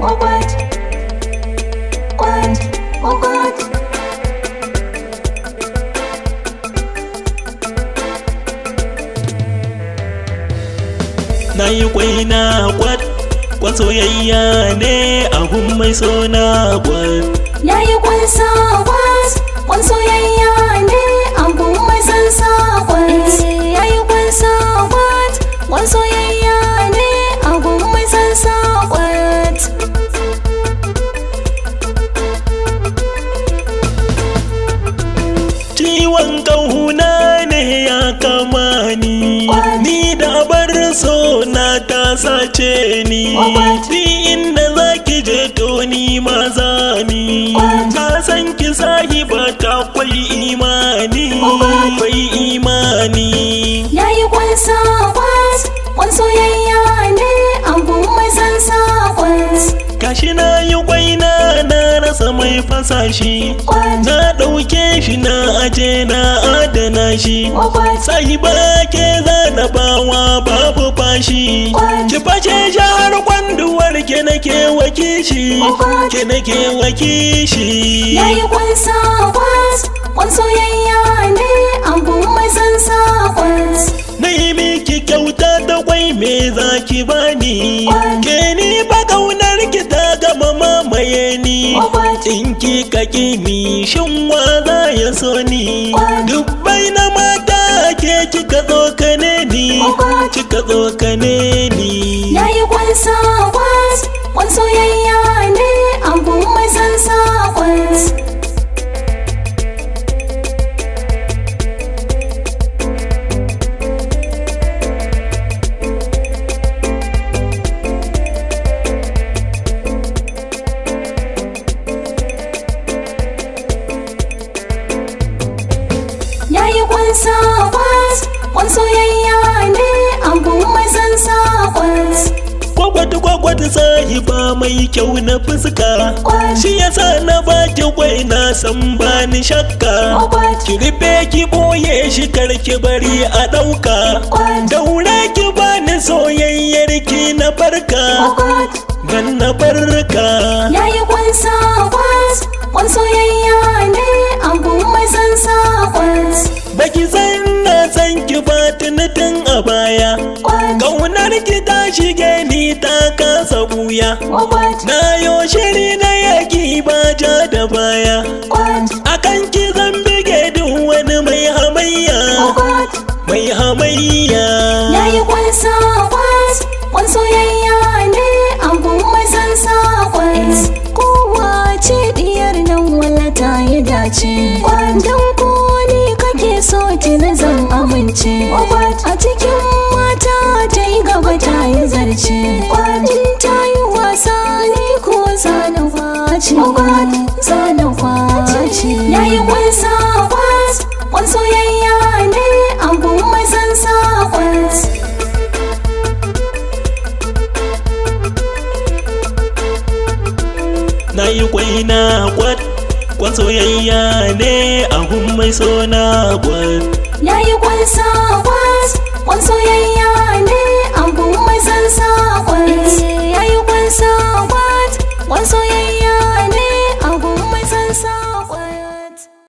na oh, what? What? Oh, na yi kwaina kwat, kwan soyayya ne a mai na kwat. Na yi kwan sa so na ta sace ni ni inda zaki je to ni ma fasa na ɗauke shi na aje na adana shi sai ba ke bawa babu fashi ki fashe jihar kwanduwar ke ke waki shi ke ke waki shi kwansa kwas ne a na yi kyauta da kwai me tsinki ka kimi shin wa za ya so ni dubbai na mata ke kika tsokane ni kika ni mai kyau na fuska shi ya sa na baki kwai na san ba ni shakka ki rufe ki boye shi kar ki bari a ɗauka daura ki ba ni soyayyar ki na farka dan na farka yayi kwansa kwas kwan soyayya ne an mai san sa kwas baki san na san ki ba tun a baya Ƙaunar ki ta shige ni ta wuya na yo na yaki ba ja da baya akan ki zan bige duk wani mai hamayya mai hamayya yayi kwansa kwas kwanso yayya ne abu mai sansa kwas kowa ce diyar nan wala ta yi dace kwandan ko ni kake so ki na zan amince a cikin mata ta yi gaba ta yi zarce Yayi kwai na kwat kwan soyayya ne a mai so na kwat ya yi kwan sa kwat kwan soyayya ne a mai san sa kwat